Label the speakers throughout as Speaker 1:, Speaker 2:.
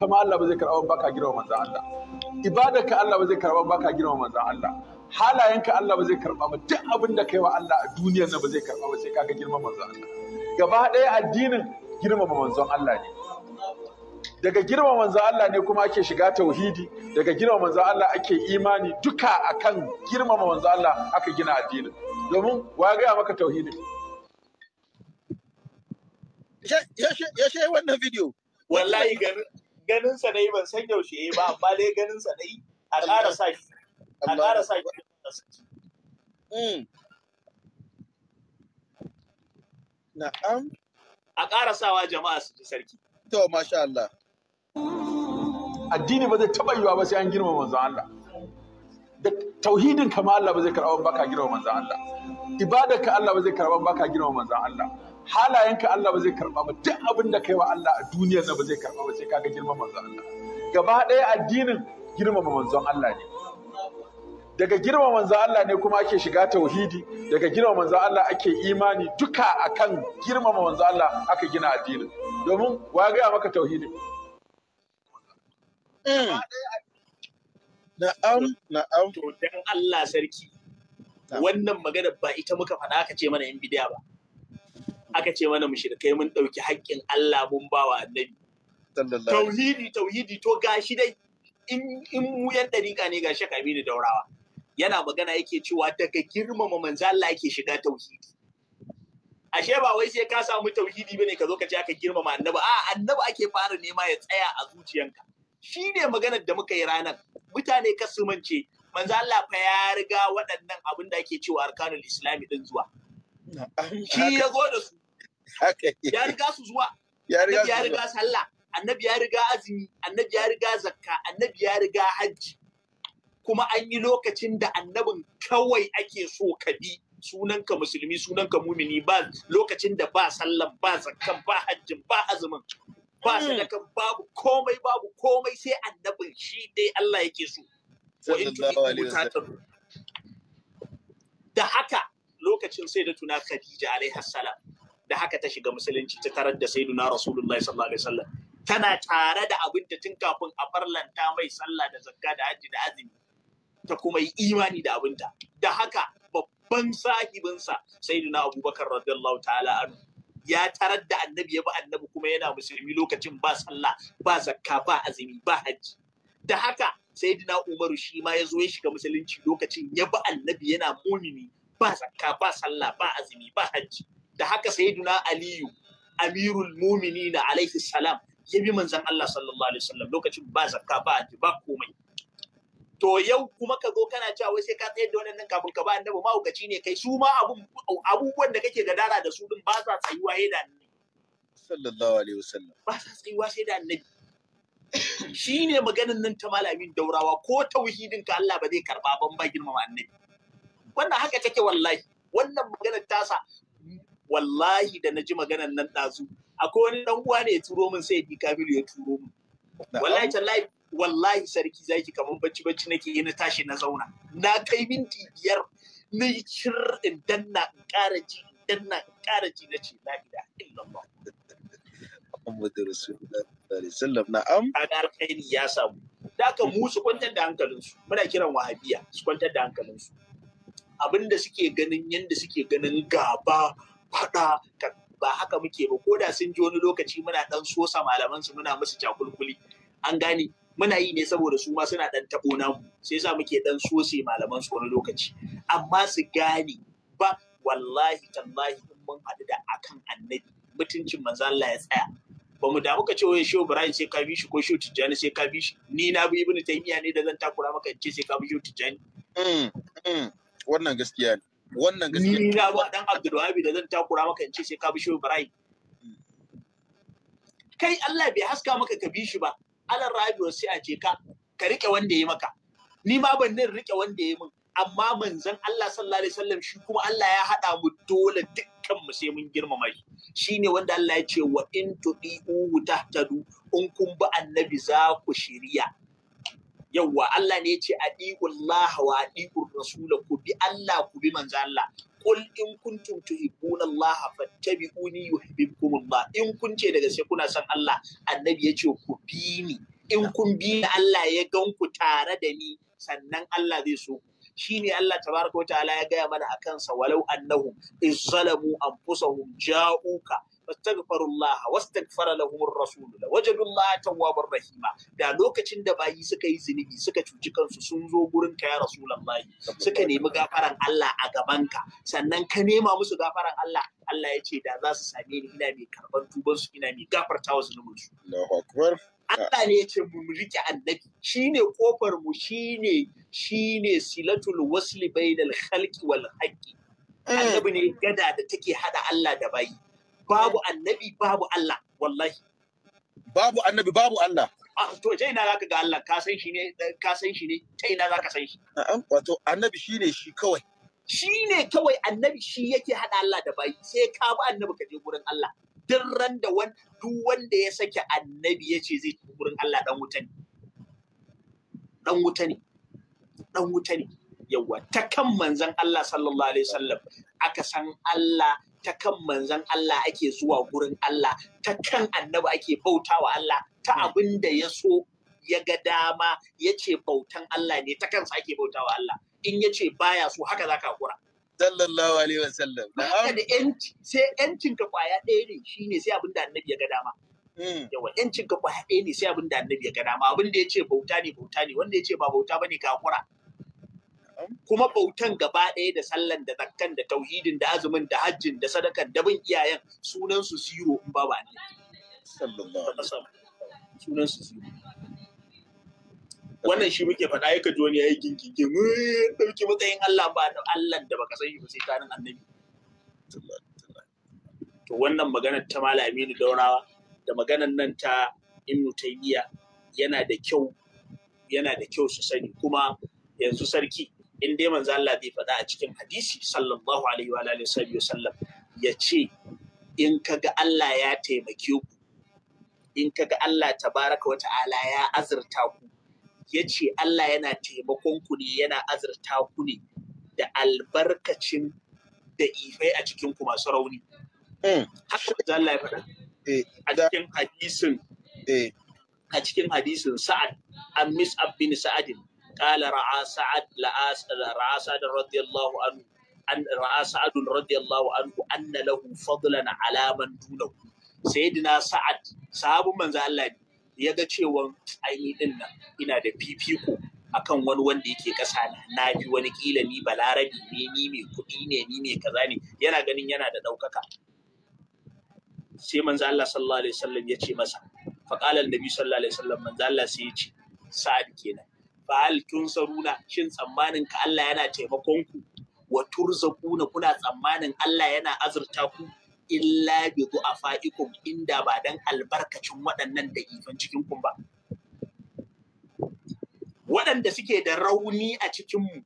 Speaker 1: kama Allah ba zai karɓa ba ka girma manzan Allah ibadar ka Allah ba zai karɓa ba ka girma manzan Allah halayen ka Allah ba zai karɓa ba duk abin da kai wa Allah a duniyar nan ba zai karɓa ba sai ka girma manzan Allah gaba ɗaya addinin girmama manzon Allah ne daga girma manzan Allah ne kuma ake shiga tauhidi daga girma manzan Allah ake imani duka akan girmama manzan Allah aka gina addinin domin wa gaya maka tauhidin ya she wannan video wallahi garin ganin sa dai ban san yaushe yi ba amma dai ganin sa dai mm. a ƙara sa shi a ƙara sa shi na'am a ƙara sawa jama'a su ji sarki to masha Allah addini ba zai taɓa yiwa ba sai an girma manzon Allah da tauhidin kama Allah ba zai karɓa ka girma manzon Allah ibadar ka Allah ba zai karɓa ka girma manzon Allah halayenka Allah ba zai karba ba duk abin da kai wa Allah a duniyar nan ba zai karba ba sai kaga girman manzon Allah gaba ɗaya addinin girmama manzon Allah ne daga girman manzon Allah ne kuma ake shiga tauhidi daga girman manzon Allah ake imani duka akan girmama manzon Allah aka gina addinin domin wa ga maka tauhidi? Hmm. Na'am, na'am. To dan Allah sarki. Wannan magana ba ita muka faɗa ka ce mana in bidiya ba. aka ce mana kai mun ɗauki haƙƙin Allah mun ba wa annabi. Tauhidi tauhidi to gashi dai in mu yan ɗariƙa ne gashi Aminu Daurawa. Yana magana yake cewa daga girmama manzo Allah yake shiga tauhidi. Ashe ba wai sai ka samu tauhidi bane ka zo ka ce aka girmama annabi a annabi ake fara nema ya tsaya a zuciyanka. Shi ne maganar da muka yi ranar mutane kasumance manzo Allah fa ya riga waɗannan abin da ake cewa arkanul islami ɗin zuwa. Shi ya zo da su ya riga su zuwa annabi ya riga sallah annabi ya riga azumi annabi ya riga zakka annabi ya riga hajji kuma an yi lokacin da annabin kawai ake so ka bi sunanka musulmi sunanka mumini ba lokacin da ba sallan ba zakkan ba hajjin ba azumin ba hmm. sadakan babu komai babu komai sai annabin shi dai Allah yake so da haka lokacin sai da tuna Khadija alaihi salam da haka ta shiga musulunci ta tarar da sayyiduna rasulullahi sallallahu alaihi wasallam tana tare da abin da tun kafin a farlanta mai sallah da zakka da hajji da azumi ta kuma yi imani da abinta da haka babban sahibinsa sayyiduna abubakar radiyallahu ta'ala anhu ya tarar da annabi ya bi annabi kuma yana musulmi lokacin ba sallah ba zakka ba azumi ba hajji da haka sayyidina umaru shi ma ya zo ya shiga musulunci lokacin ya bi annabi yana mumini ba zakka ba sallah ba azumi ba hajji da haka sayyiduna aliyu amirul na alaihi salam ya bi manzon Allah sallallahu alaihi wasallam lokacin ba zakka ba ba komai to yau kuma ka zo kana cewa wai sai ka tsayar da wannan kafin ka ba annabi mahaukaci ne kai su ma abubuwan da kake gadara da su din ba sa tsayuwa yayin da annabi sallallahu alaihi wasallam ba sa tsayuwa sai da annabi shine maganin nan ta malamin daurawa ko tauhidin ka Allah ba zai karba ban ba girmama annabi wannan haka take wallahi wannan maganar tasa wallahi da na ji maganar nan ɗazu akwai wani ɗan uwa ne ya turo min sai ya kamilu ya turo min wallahi tallahi wallahi sarki zaki kamar bacci bacci nake yi na tashi na zauna na kai minti biyar na yi cir in danna in ƙara ji in danna in ƙara ji na ce la ila illallah Muhammadu Rasulullah sallam na'am a alkhairi ya samu da aka mu su kwantar da hankalinsu muna kiran wahabiya su kwantar da hankalinsu da suke ganin yadda suke ganin gaba faɗa ba haka muke ba ko da sun ji wani lokaci muna ɗan sosa malaman su muna musu cakulkuli an gane muna yi ne saboda su ma suna ɗan taɓo namu sai sa muke ɗan sose malaman su wani lokaci amma su gane ba wallahi tallahi in mun haɗu da akan annabi mutuncin manzo Allah ya tsaya ba mu damu ka ce wai shehu Ibrahim sai ka bishi ko shehu Tijjani sai ka bishi ni na bi ibnu Taymiya ne da zan takura maka in ce sai ka bishi shehu Tijjani mm, mm. wannan gaskiya ne wannan gaskiya ni na ba dan Abdulwahabi da zan takura maka in ce sai ka bi shi Ibrahim kai Allah bai haska maka ka bi shi ba alan rabi sai a ce ka ka rike wanda ya maka ni ma ban nan rike wanda ya min amma manzon Allah sallallahu alaihi wasallam shi kuma Allah ya hada mu dole dukkan mu sai mun girmama shi shine wanda Allah ya ce wa in tudiu tahtadu in kun bi annabi za ku shiriya yawwa Allah ne ya ce aɗiƙun wa adiqur rasul ku bi Allah ku bi manzo Allah kul in kuntum tuhibbuna Allah fattabi'uni yuhibbukum Allah in kun ce daga sai kuna son Allah annabi ya ce ku bi ni in kun bi Allah ya ganku tare da ni sannan Allah zai so ku shine Allah tabaraka wa ta'ala ya gaya mana akan sa walau annahum izzalamu anfusahum ja'uka fastaghfirullah wastaghfara Wajen rasul lawajadullah tawwabur rahima da lokacin da bayi suka yi zunubi suka cuci kansu sun zo wurin kaya, ya suka nemi gafara Allah a gaban ka sannan ka nema musu gafaran Allah Allah ya ce da za su same ni ina mai karban tuban su ina mai gafarta wa zunubin Allah ne ya ce mu rike annabi shine kofar mu shine shine silatul wasli da khalqi wal haqqi eh. annabi ne gada da take haɗa Allah da bayi babu annabi babu Allah wallahi babu annabi babu Allah to je ina zaka ga Allah ka san shi ne ka san shi ne ta ina zaka san shi na'am wato annabi shine shi kawai shine kawai annabi shi yake hada Allah da bayi sai ka bi annabi ka je gurin Allah duk ran da duk wanda ya sake annabi yace zai tafi gurin Allah dan wuta ne dan wuta ne dan wuta ne yawa ta kan manzon Allah sallallahu alaihi wasallam aka san Allah ta kan manzan Allah ake zuwa gurin Allah ta kan annabi ake bauta wa Allah ta hmm. abin da ya so ya ga dama ya ce bautan Allah ne ta kansa ake bauta wa Allah in ya ce baya so haka za ka kura. Sallallahu alaihi wasallam. Haka da sai yancin ka kwaya ɗaya ne shi ne sai abin da annabi ya ga dama. Hmm. Yawa yancin ka kwaya ɗaya ne sai abin da annabi ya ga dama abin da ya ce bauta ne bauta ne wanda ya ce ba bauta ba ne ka kura. kuma bautan gaba ɗaya da sallan da zakkan da tauhidin da azumin da hajjin da sadakan da bin iyayen sunan su zero in ba ba ne sunan su zero wannan shi muke faɗa ya kaji wani ya yi ginkike ɗauki matsayin Allah ba da Allah da baka san shi ba sai tanin annabi to wannan maganar ta malami ni daurawa da maganar nan ta Ibn Taymiyyah yana da kyau yana da kyau su sani kuma yanzu sarki in dai manzo Allah bai faɗa a cikin hadisi sallallahu alaihi wa alihi wasallam ya ce in kaga Allah ya taimake ku in kaga Allah tabaraka wa ta'ala ya azurta ku ya ce Allah yana taimakon ku ne yana azurta ku ne da albarkacin da ifai a cikin ku masu rauni hmm. haka manzo Allah ya faɗa eh, a cikin hadisin eh. a cikin hadisin sa'ad an mis'ab bin sa'adin qala ra'a sa'ad ra'a sa'ad radiyallahu anhu an ra'a sa'ad radiyallahu anhu anna lahu fadlan ala man dunahu sayyidina sa'ad sahabun manzo Allah ya ga cewa aini din nan ina da fifiko akan wani wanda yake ƙasa na na bi wani kila ni balarabi ne ni mai kuɗi ne ni mai kaza ne yana ganin yana da ɗaukaka sai manzo Allah sallallahu alaihi wasallam ya ce masa fa qala annabi sallallahu alaihi wasallam manzo Allah sai ya ce sa'ad kenan kun tunsaruna shin tsammanin ka Allah yana taimakon ku wa turzaquna kuna tsammanin Allah yana azurta ku illa bi du'afaikum inda ba dan albarkacin waɗannan ifan cikin ku ba waɗanda suke da rauni a cikin mu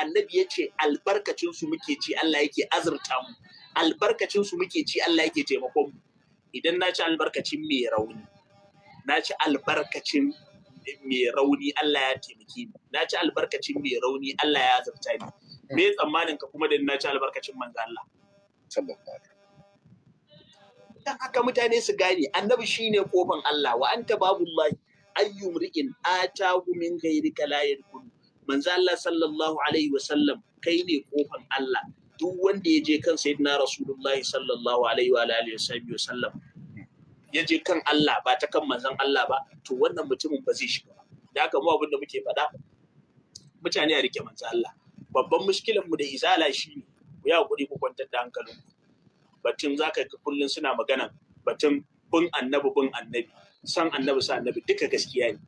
Speaker 1: annabi ya ce albarkacin su muke ci Allah yake azurta mu albarkacin su muke ci Allah yake taimakon mu idan na ci albarkacin mai rauni na ci albarkacin mai rauni Allah ya taimake ni na ci albarkacin mai rauni Allah ya zarta ni me tsammanin ka kuma da na ci albarkacin manzo Allah dan haka mutane su gane annabi shine kofan Allah wa anta babullahi ayyum ri'in atahu min ghairi la kun manzo Allah sallallahu alaihi wa sallam kai ne kofan Allah duk wanda ya je kan sayyidina rasulullahi sallallahu alaihi wa alihi wa sallam ya je kan Allah ba ta kan manzon Allah ba to wannan mutumin ba zai shiga ba da haka mu abin da muke faɗa mutane a rike manzon Allah babban mushkilan mu da izala ne. ku ya hakuri ku kwantar da hankalin batun zaka ga kullun suna magana batun bin annabi bin annabi san annabi san annabi duka gaskiya ne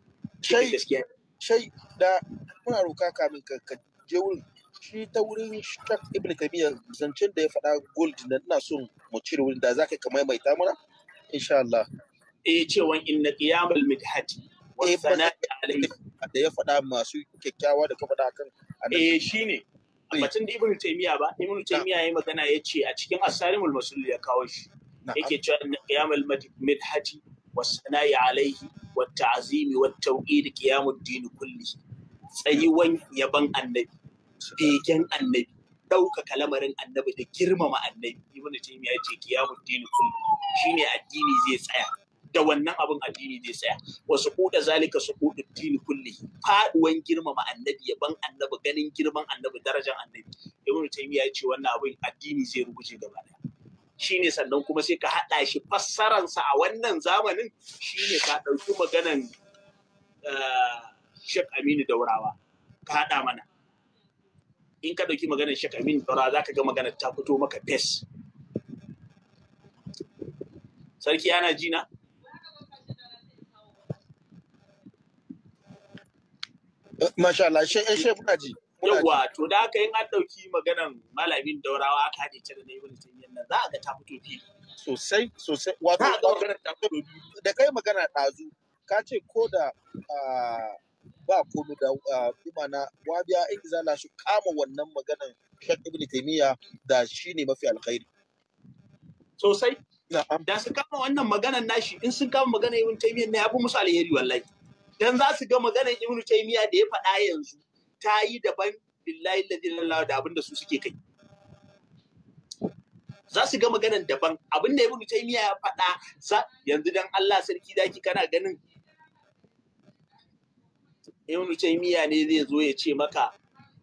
Speaker 1: shai gaskiya shai da muna roka kamin ka je wurin shi ta wurin Shak Ibn kabiya zancen da ya faɗa gold na ina so mu cire wurin da zaka ka maimaita mana insha Allah eh cewan inna qiyamul midhat wa eh, sana'i alayhi da ya faɗa masu kyakkyawa da ka faɗa kan eh shine eh. batun da ibnu taymiya ba ibnu taymiya yayi magana yace a cikin asarimul masul ya kawo shi yake cewa inna qiyamul midhati was sana'i alaihi wat ta'zimi wat tawqid qiyamud din kulli tsayuwan yaban annabi begen annabi ɗaukaka lamarin annabi da girmama annabi ibn taymiya ya ce qiyamud din shine addini zai tsaya da wannan abin addini zai tsaya Wasu suquda zalika su suqudu din kulli faduwan girmama annabi Ban annabi ganin girman annabi darajar annabi ibn taymiya ya ce wannan abin addini zai rubuce gaba daya shine sannan kuma sai ka haɗa shi sa a wannan zamanin shine ka ɗauki maganan eh, Sheikh Aminu Daurawa ka haɗa mana in ka ɗauki maganar Sheikh Amin za ka ga maganar ta fito maka fes. Sarki ana jina? Masha Allah, ya eh, shi muna ji. Yawwa, to da aka yin an ɗauki maganar malamin daurawa aka haɗe ta da na yi wani tanyan nan za a ga ta fito fili. Sosai, sosai. Wato, da kai magana ɗazu, ka ce ko da ah, ba komai da imana wabiya in la su kama wannan maganan shek ibn taymiya da shi ne mafi alkhairi sosai da su kama wannan maganan nashi in sun kama maganan ibn taymiya na ya fi musu alheri wallahi dan za su ga maganan ibn taymiya da ya faɗa yanzu ta yi daban billahi ladin da abin da su suke kai za su ga maganan daban abin da ibnu taymiya ya faɗa yanzu dan Allah sarki zaki kana ganin ibnu taymiya ne zai zo ya ce maka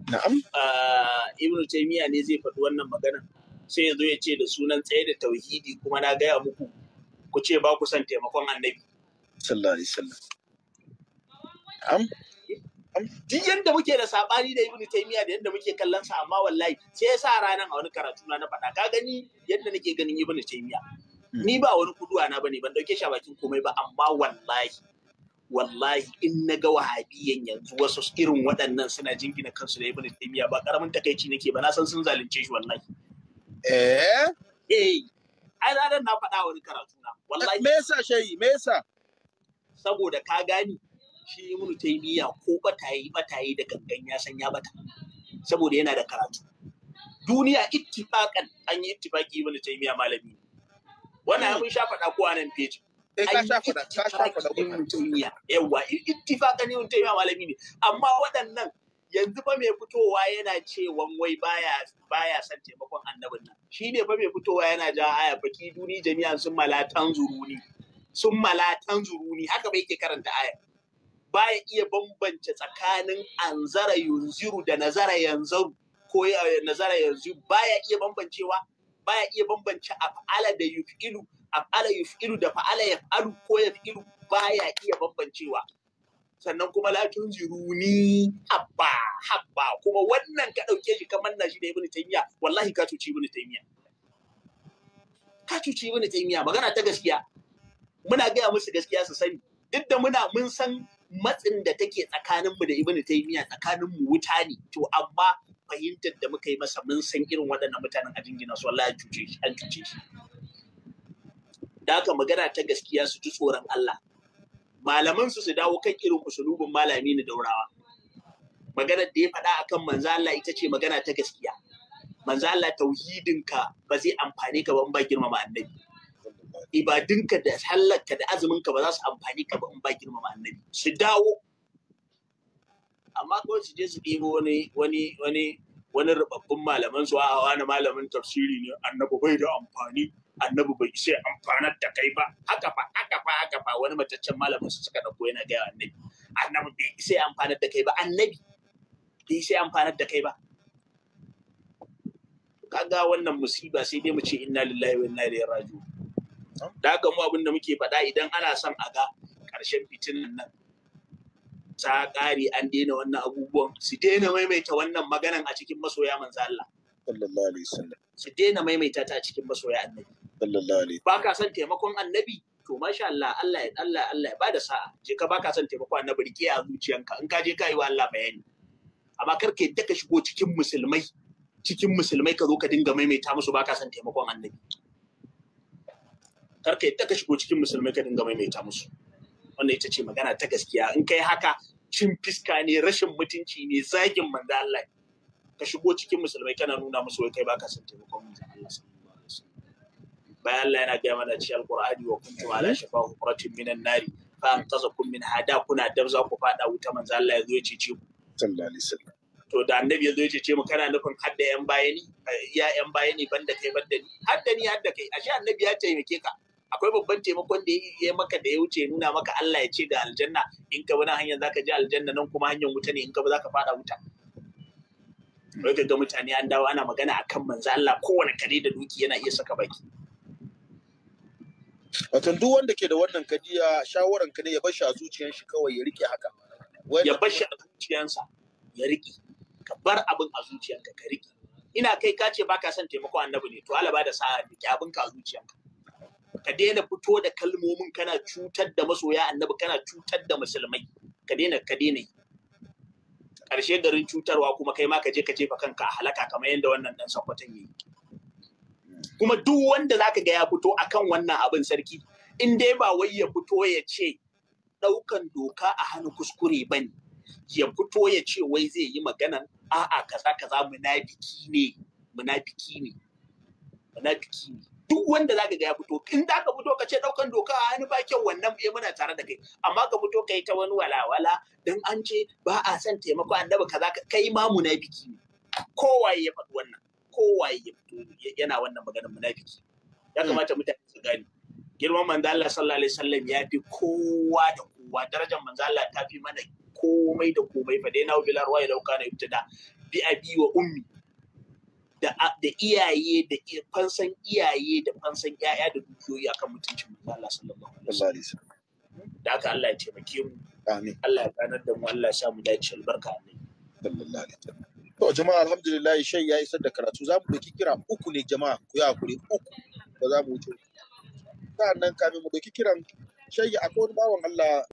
Speaker 1: na'am ah, ibnu taymiya ne zai faɗi wannan magana sai ya zo ya ce da sunan tsaye da tauhidi kuma na gaya muku ku ce ba ku son taimakon annabi sallallahu alaihi wasallam na'am duk yadda muke da sabani da ibnu taymiya da yadda muke kallon sa amma wallahi sai ya sa ranar a wani karatu na na faɗa ka gani yadda nake ganin ibnu taymiya hmm. ni ba wani kuduwa na bane ban dauke shi bakin komai ba amma wallahi wallahi in na ga wahabiyan yanzu wasu irin waɗannan suna jingina kansu da ibn taymiya ba karamin takaici nake ba na san sun zalunce shi wallahi eh eh ai da na faɗa wani karatu na wallahi me yasa shayi me yasa saboda ka gani shi ibn taymiya ko batayi yi da gangan ya san ya bata saboda yana da karatu duniya ittifaqan an yi ittifaqi ibn taymiya malami wannan abin sha faɗa ko anan page eh ka sha faɗa ka sha faɗa malami ne amma waɗannan yanzu ba mai fitowa yana ce wai baya son taimakon annabin nan shine ba mai fitowa yana ja aya baki duni jami'an sun malatan zuruni sun malatan zuruni haka bai ke karanta aya baya iya bambance tsakanin anzara yunziru da nazara yanzu ko eh, nazara yanzu baya iya bambancewa baya iya bambance af'ala da yufilu af'ala yuf'ilu da fa'ala yaf'alu ko yaf'ilu baya iya bambancewa sannan kuma la tunziruni habba habba kuma wannan ka dauke shi kamar na shi da ibnu taymiya wallahi ka cuci ibnu taymiya ka cuci ibnu taymiya magana ta gaskiya muna gaya musu gaskiya su sani duk da muna mun san matsin da take tsakaninmu da ibnu taymiya tsakaninmu wuta ne to amma fahimtar da muka yi masa mun san irin waɗannan mutanen a jingina su wallahi an cuce shi da aka magana ta gaskiya su ji tsoron Allah malaman su su dawo kan irin usulubin malami na daurawa maganar da ya faɗa akan manzo Allah ita ce magana ta gaskiya manzo Allah tauhidinka ba zai amfani ka ba in ba girmama annabi ibadinka da sallarka da ka ba za su amfani ka ba in ba girmama annabi su dawo amma kawai su je su ɗebo wani wani rubabbun malaman su a wani malamin tafsiri ne annabi bai da amfani annabi bai isa amfanar da kai ba haka fa haka fa haka fa wani mataccen malamin su suka dauko yana gaya annabi annabi bai isa amfanar da kai ba annabi bai isa amfanar da kai ba kaga wannan musiba sai dai mu ce inna lillahi wa inna ilaihi raji'un da haka mu abin da muke faɗa idan ana son a ga ƙarshen fitinan nan ta ƙari an daina wannan abubuwan su daina maimaita wannan maganan a cikin masoya manzo Allah su daina maimaita ta a cikin masoya annabi ba ka san taimakon annabi to masha Allah Allah ya Allah Allah ya bada sa'a je ka baka son taimako annabi rike a zuciyanka in ka je ka yi wa Allah bayani amma kar ka yadda ka shigo cikin musulmai cikin musulmai ka zo ka dinga maimaita musu baka son taimakon annabi kar ka yadda ka shigo cikin musulmai ka dinga maimaita musu wannan ita ce magana ta gaskiya in kai haka cin fiska ne rashin mutunci ne zagin manzo Allah ka shigo cikin musulmai kana nuna musu wai kai baka son taimakon manzo Allah sallallahu alaihi wasallam bayan Allah yana ga mana cikin alqur'ani wa kuntum ala shafa hufratin minan nari fa antazakum min hada kuna dab za ku fada wuta manzo Allah yazo ya ce ce sallallahu alaihi wasallam to da annabi ya ce ce mu kana nufin hadda yan bayani ya yan bayani banda kai banda ni hadda ni hadda kai ashe annabi ya taimake ka akwai babban taimakon da ya maka da ya wuce nuna maka Allah ya ce ga aljanna in ka bi hanyar zaka je aljanna nan kuma hanyar wuta ne in ka bi zaka fada wuta wai ka ga mutane an dawo ana magana akan manzo Allah kowane kare da duki yana iya saka baki wato duk wanda ke da wannan kadiya shawaran ka ne ya bashi a zuciyar shi kawai ya rike haka ya bashi a zuciyansa ya rike ka bar abin a zuciyanka ka rike ina kai ka ce baka son taimako annabi ne to Allah ba da sa'a rike abin ka a ka. ka daina fito da kalmomin kana cutar da masoya annabi kana cutar da musulmai ka daina ka daina yi ƙarshe garin cutarwa kuma kai ma ka je ka jefa kanka a halaka kamar yadda wannan dan sakwatan yayi kuma duk wanda zaka ga ya fito akan wannan abin sarki in dai ba wai ya fito ya ce ɗaukan doka a hannu kuskure ba ne ya fito ya ce wai zai yi maganan a'a kaza kaza munafiki ne munafiki ne munafiki ne duk wanda za ka ga ya fito in za ka fito ka ce ɗaukan doka a ah, hannu ba kyau wannan ya eh, muna tare da kai amma ka fito ka yi ta wani walawala don an ce ba a son taimako annabi kaza kai ma munafiki ne kowaye ya faɗi wannan kowaye ya fito yana wannan maganar munafiki ya hmm. kamata mutane su gani girman manzo Allah sallallahu alaihi wasallam ya fi kowa da kowa darajar manzo Allah ta fi mana komai da komai fa dai na bilar wa ya dauka na ibtida bi abi wa ummi da iyaye da fansan iyaye da fansan yaya da dukiyoyi akan mutuncin manzo Allah sallallahu alaihi wasallam da haka Allah ya taimake mu amin Allah ya ganar da mu Allah ya sa mu dace albarka amin sallallahu alaihi wasallam to jama'a alhamdulillah shay ya isar da karatu za mu doki kira uku ne jama'a ku ya kure uku ba za mu wuce sa'annan kamin mu doki kiran shay akwai wani bawan Allah